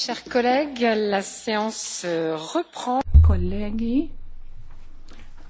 Chers collègues, la séance euh, reprend. Kollegi,